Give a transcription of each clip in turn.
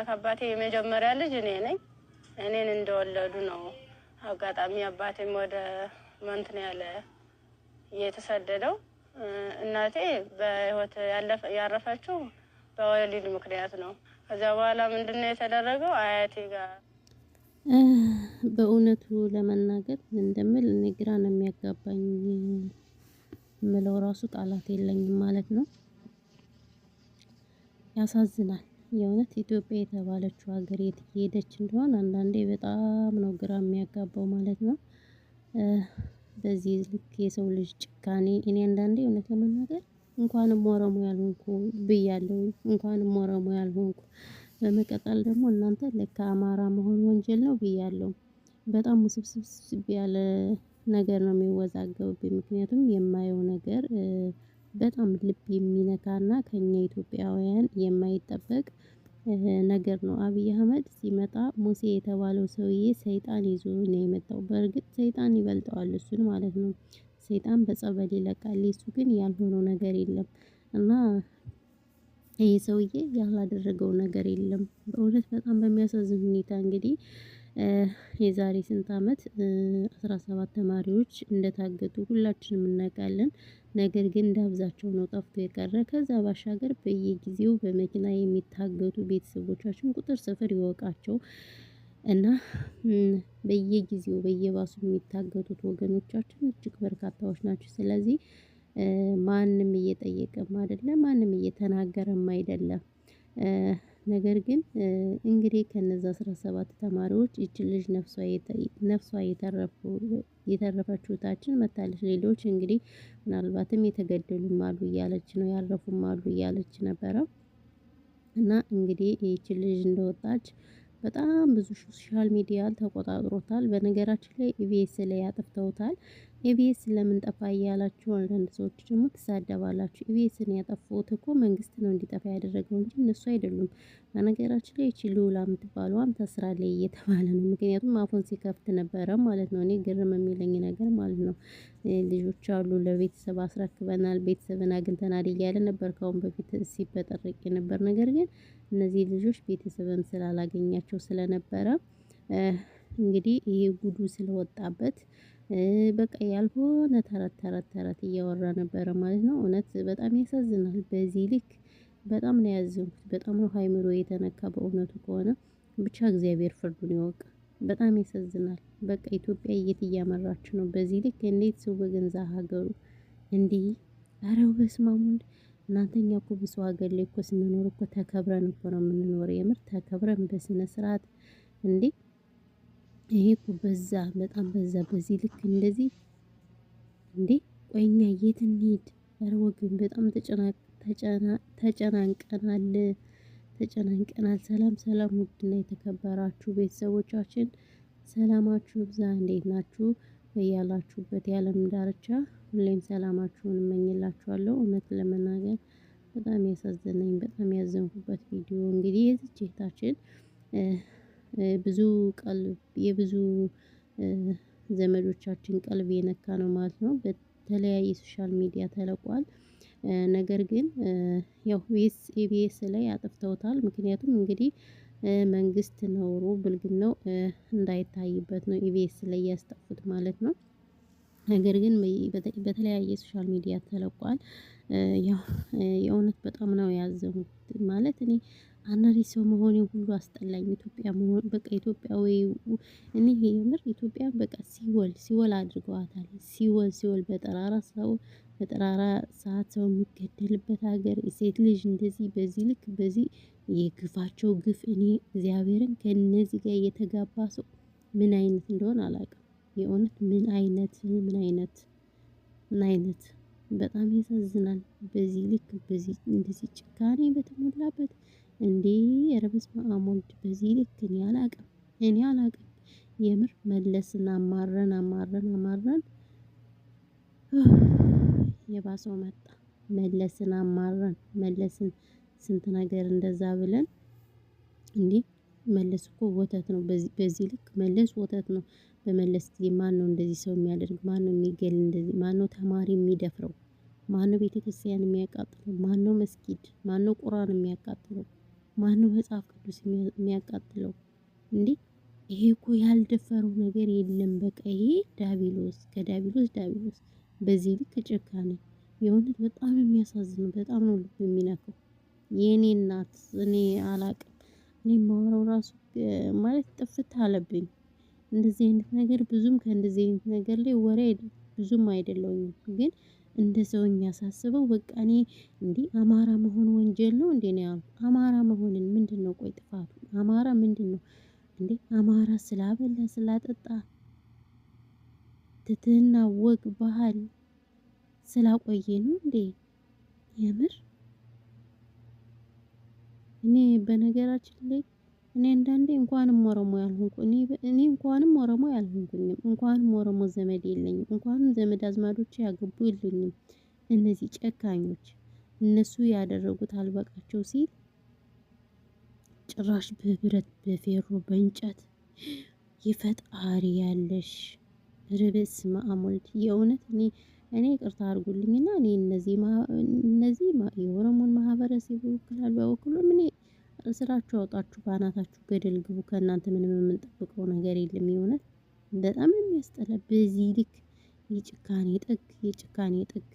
እናት አባቴ የመጀመሪያ ልጅ እኔ ነኝ። እኔን እንደወለዱ ነው። አጋጣሚ አባቴም ወደ መንት ነው ያለ እየተሰደደው። እናቴ በህይወት ያረፈችው በወሊድ ምክንያት ነው። ከዚያ በኋላ ምንድን ነው የተደረገው አያቴ ጋር በእውነቱ ለመናገር እንደምል እኔ ግራ ነው የሚያጋባኝ ምለው ራሱ ቃላት የለኝም ማለት ነው። ያሳዝናል። የእውነት ኢትዮጵያ የተባለችው ሀገር የት ሄደች እንደሆን አንዳንዴ በጣም ነው ግራ የሚያጋባው ማለት ነው። በዚህ ልክ የሰው ልጅ ጭካኔ እኔ አንዳንዴ እውነት ለመናገር እንኳንም ኦሮሞ ያልሆንኩ ብያለሁ እንኳንም ኦሮሞ ያልሆንኩ በመቀጠል ደግሞ እናንተ ልክ አማራ መሆን ወንጀል ነው ብያለሁ። በጣም ውስብስብ ያለ ነገር ነው የሚወዛገብብኝ ምክንያቱም የማየው ነገር በጣም ልብ የሚነካና ከኛ ኢትዮጵያውያን የማይጠበቅ ነገር ነው። አብይ አህመድ ሲመጣ ሙሴ የተባለው ሰውዬ ሰይጣን ይዞ ነው የመጣው። በእርግጥ ሰይጣን ይበልጠዋል እሱን ማለት ነው። ሰይጣን በጸበል ይለቃል። እሱ ግን ያልሆነው ነገር የለም እና ይህ ሰውዬ ያላደረገው ነገር የለም። በእውነት በጣም በሚያሳዝን ሁኔታ እንግዲህ የዛሬ ስንት አመት አስራ ሰባት ተማሪዎች እንደታገቱ ሁላችንም እናውቃለን። ነገር ግን እንዳብዛቸው ነው ጠፍቶ የቀረ። ከዛ ባሻገር በየጊዜው በመኪና የሚታገቱ ቤተሰቦቻችን ቁጥር ስፍር ይወቃቸው እና በየጊዜው በየባሱ የሚታገቱት ወገኖቻችን እጅግ በርካታዎች ናቸው። ስለዚህ ማንም እየጠየቀም አይደለም፣ ማንም እየተናገረም አይደለም። ነገር ግን እንግዲህ ከነዛ አስራ ሰባት ተማሪዎች ይቺ ልጅ ነፍሷ የተረፈችውታችን መታለች። ሌሎች እንግዲህ ምናልባትም የተገደሉም አሉ እያለች ነው ያረፉም አሉ እያለች ነበረ። እና እንግዲህ ይቺ ልጅ እንደወጣች በጣም ብዙ ሶሻል ሚዲያ ተቆጣጥሮታል። በነገራችን ላይ ኢቢኤስ ላይ ያጠፍተውታል። ኢቢኤስ ለምን ጠፋ እያላችሁ አንዳንድ ሰዎች ደግሞ ትሳደባላችሁ። ኢቢኤስን ያጠፉት እኮ መንግስት ነው እንዲጠፋ ያደረገው እንጂ እነሱ አይደሉም። በነገራችን ላይ ይቺ ልዑላ የምትባለዋም ታስራለች እየተባለ ነው። ምክንያቱም አፉን ሲከፍት ነበረ ማለት ነው። እኔ ግርም የሚለኝ ነገር ማለት ነው ልጆች አሉ ለቤተሰብ አስረክበናል፣ ቤተሰብን አግኝተናል እያለ ነበር ካሁን በፊት ሲበጠረቅ የነበር ነገር ግን እነዚህ ልጆች ቤተሰብን ስላላገኛቸው ስለነበረ እንግዲህ ይሄ ጉዱ ስለወጣበት በቃ ያልሆነ ተረት ተረት ተረት እያወራ ነበረ ማለት ነው። እውነት በጣም ያሳዝናል። በዚህ ልክ በጣም ነው ያዘንኩት። በጣም ነው ሀይምሮ የተነካ በእውነቱ ከሆነ ብቻ እግዚአብሔር ፍርዱን ይወቅ። በጣም ያሳዝናል። በቃ ኢትዮጵያ የት እያመራች ነው? በዚህ ልክ እንዴት ሰው በገንዛ ሀገሩ እንዲህ አረው በስማሙን እናንተኛ እኮ ብሶ ሀገር ላይ እኮ ስንኖር እኮ ተከብረን እኮ ነው የምንኖር። የምር ተከብረን በስነ ስርዓት እንዴ ይሄ እኮ በዛ፣ በጣም በዛ። በዚህ ልክ እንደዚህ እንዴ! ቆይኛ የት እንሂድ? ኧረ ወገን በጣም ተጨናንቀናል፣ ተጨናንቀናል። ሰላም ሰላም! ውድና የተከበራችሁ ቤተሰቦቻችን ሰላማችሁ ብዛ። እንዴት ናችሁ? በያላችሁበት የዓለም ዳርቻ ሁሌም ሰላማችሁን እመኝላችኋለሁ። እውነት ለመናገር በጣም ያሳዘነኝ በጣም ያዘንኩበት ቪዲዮ እንግዲህ የዚች እህታችን ብዙ ቀልብ የብዙ ዘመዶቻችን ቀልብ የነካ ነው ማለት ነው። በተለያየ ሶሻል ሚዲያ ተለቋል። ነገር ግን ያው ኢቢኤስ ላይ አጥፍተውታል ምክንያቱም እንግዲህ መንግስት ነውሩ ብልግናው እንዳይታይበት ነው ኢቢኤስ ላይ ያስጠፉት ማለት ነው። ነገር ግን በተለያየ ሶሻል ሚዲያ ተለቋል። ያው የእውነት በጣም ነው ያዘሙት ማለት እኔ አናሪ ሰው መሆኔ ሁሉ አስጠላኝ። ኢትዮጵያ መሆን በቃ ኢትዮጵያ ወይ እኔ የምር ኢትዮጵያ በቃ ሲወል ሲወል አድርገዋታል። ሲወል ሲወል በጠራራ ሰው በጠራራ ሰዓት ሰው የሚገደልበት ሀገር ሴት ልጅ እንደዚህ በዚህ ልክ በዚህ የግፋቸው ግፍ እኔ እግዚአብሔርን ከነዚህ ጋር የተጋባ ሰው ምን አይነት እንደሆነ አላውቅም። የእውነት ምን አይነት ምን አይነት ምን አይነት በጣም ያሳዝናል። በዚህ ልክ በዚህ እንደዚህ ጭካኔ በተሞላበት እንዴ ኧረ በስመ አብ ወልድ በዚህ ልክ እኔ አላቅም እኔ አላቅም። የምር መለስን አማረን አማረን አማረን የባሰው መጣ። መለስን አማረን መለስን ስንት ነገር እንደዛ ብለን እንዴ መለስ እኮ ወተት ነው። በዚህ ልክ መለስ ወተት ነው። በመለስ ጊዜ ማን ነው እንደዚህ ሰው የሚያደርግ? ማን ነው የሚገል እንደዚህ? ማን ነው ተማሪ የሚደፍረው? ማን ነው ቤተክርስቲያን የሚያቃጥለው? ማን ነው መስጊድ? ማን ነው ቁርአን የሚያቃጥለው? ማነው መጽሐፍ ቅዱስ የሚያቃጥለው እንዴ? ይሄ እኮ ያልደፈረው ነገር የለም። በቃ ይሄ ዳቢሎስ ከዳቢሎስ ዳቢሎስ በዚህ ልክ ጭካኔ የእውነት በጣም ነው የሚያሳዝነው። በጣም ነው ልብ የሚነካው። የእኔ እናት እኔ አላቅም። እኔ የማወራው ራሱ ማለት ጥፍት አለብኝ። እንደዚህ አይነት ነገር ብዙም ከእንደዚህ አይነት ነገር ላይ ወሬ ብዙም አይደለውም ግን እንደ ሰው የሚያሳስበው በቃ እኔ እንዲህ አማራ መሆን ወንጀል ነው እንዴ ነው ያሉ። አማራ መሆንን ምንድን ነው ቆይ ጥፋቱ? አማራ ምንድን ነው እንዴ? አማራ ስላበላ ስላጠጣ፣ ትትህና፣ ወግ ባህል ስላቆየ ነው እንዴ? የምር እኔ በነገራችን ላይ እኔ አንዳንዴ እንኳንም ኦሮሞ ያልሆንኩ እኔ እንኳንም ኦሮሞ ያልሆንኩኝም እንኳንም ኦሮሞ ዘመድ የለኝም እንኳንም ዘመድ አዝማዶች ያገቡ የለኝም። እነዚህ ጨካኞች እነሱ ያደረጉት አልበቃቸው ሲል ጭራሽ በብረት በፌሮ በእንጨት ይፈጣሪ ያለሽ ርብስ ማአሞልድ የእውነት እኔ እኔ ቅርታ አድርጉልኝና እኔ እነዚህ እነዚህ የኦሮሞን ማህበረሰብ ይወክላል በበኩሉ እኔ ስራችሁ አውጣችሁ በአናታችሁ ገደል ግቡ። ከእናንተ ምንም የምንጠብቀው ነገር የለም። የሆነ በጣም የሚያስጠላ በዚህ ልክ የጭካኔ ጥግ የጭካኔ ጥግ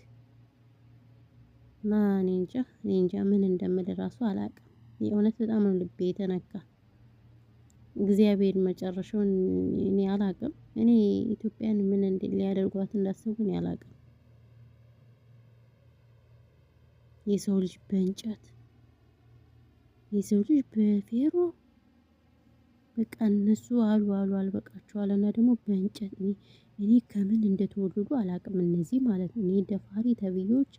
እና እኔ እንጃ እኔ እንጃ ምን እንደምል ራሱ አላውቅም። የእውነት በጣም ነው ልቤ የተነካ። እግዚአብሔር መጨረሻውን እኔ አላውቅም። እኔ ኢትዮጵያን ምን ሊያደርጓት እንዳሰቡ እኔ አላውቅም። የሰው ልጅ በእንጨት የሰው ልጅ በፌሮ በቃ እነሱ አሉ አሉ አልበቃቸው አለና ደግሞ በእንጨት እኔ ከምን እንደተወለዱ አላቅም። እነዚህ ማለት ነው እኔ ደፋሪ ተብዬዎች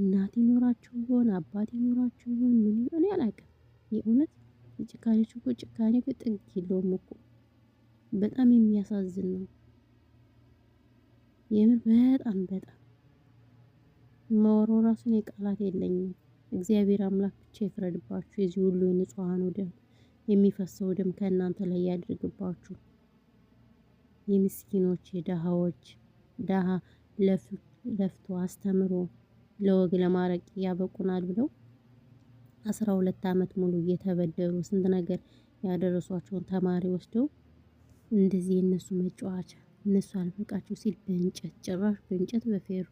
እናት ይኖራቸው ይሆን አባት ይኖራቸው ይሆን ምን ይሆን አላቅም። የእውነት የጭካኔች እኮ ጭካኔ ጥግ የለውም እኮ በጣም የሚያሳዝን ነው። የምር በጣም በጣም መወሮ ራሱን የቃላት የለኝም። እግዚአብሔር አምላክ ብቻ ይፍረድባችሁ። የዚህ ሁሉ የንጹሐኑ ደም የሚፈሰው ደም ከእናንተ ላይ ያድርግባችሁ። የምስኪኖች የደሃዎች ደሃ ለፍቶ አስተምሮ ለወግ ለማረቅ ያበቁናል ብለው አስራ ሁለት አመት ሙሉ እየተበደሩ ስንት ነገር ያደረሷቸውን ተማሪ ወስደው እንደዚህ የእነሱ መጫወቻ እነሱ አልበቃቸው ሲል በእንጨት ጭራሽ በእንጨት በፌሮ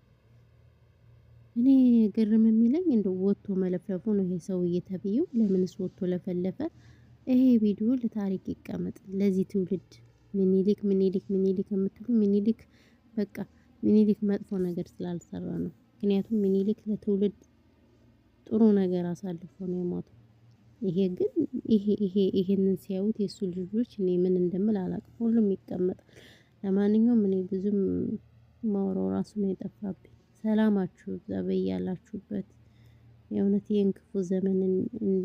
እኔ ግርም የሚለኝ እንደ ወጥቶ መለፍለፉ ነው። ይሄ ሰውዬ ተብዬው ለምንስ ወጥቶ ለፈለፈ? ይሄ ቪዲዮ ለታሪክ ይቀመጥ፣ ለዚህ ትውልድ። ምኒልክ ምኒልክ ምኒልክ የምትሉ ምኒልክ በቃ ምኒልክ መጥፎ ነገር ስላልሰራ ነው። ምክንያቱም ምኒልክ ለትውልድ ጥሩ ነገር አሳልፎ ነው የሞተ። ይሄ ግን ይሄ ይሄ ይሄንን ሲያዩት የእሱ ልጆች እኔ ምን እንደምል አላውቅም። ሁሉም ይቀመጣል። ለማንኛውም እኔ ብዙም ማውራው ራሱ ነው የጠፋብኝ። ሰላማችሁ ይብዛ በያላችሁበት። የእውነት ይህን ክፉ ዘመን